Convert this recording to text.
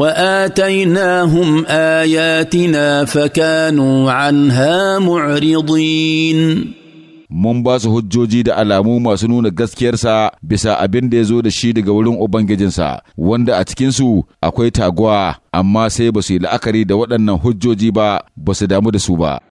واتيناهم اياتنا فكانوا عنها معرضين mun ba su hujjoji da alamu masu nuna gaskiyarsa bisa abin da ya zo da shi daga wurin Ubangijinsa, wanda a cikinsu akwai taguwa, amma sai ba su yi la'akari da waɗannan hujjoji ba, ba su damu da su ba.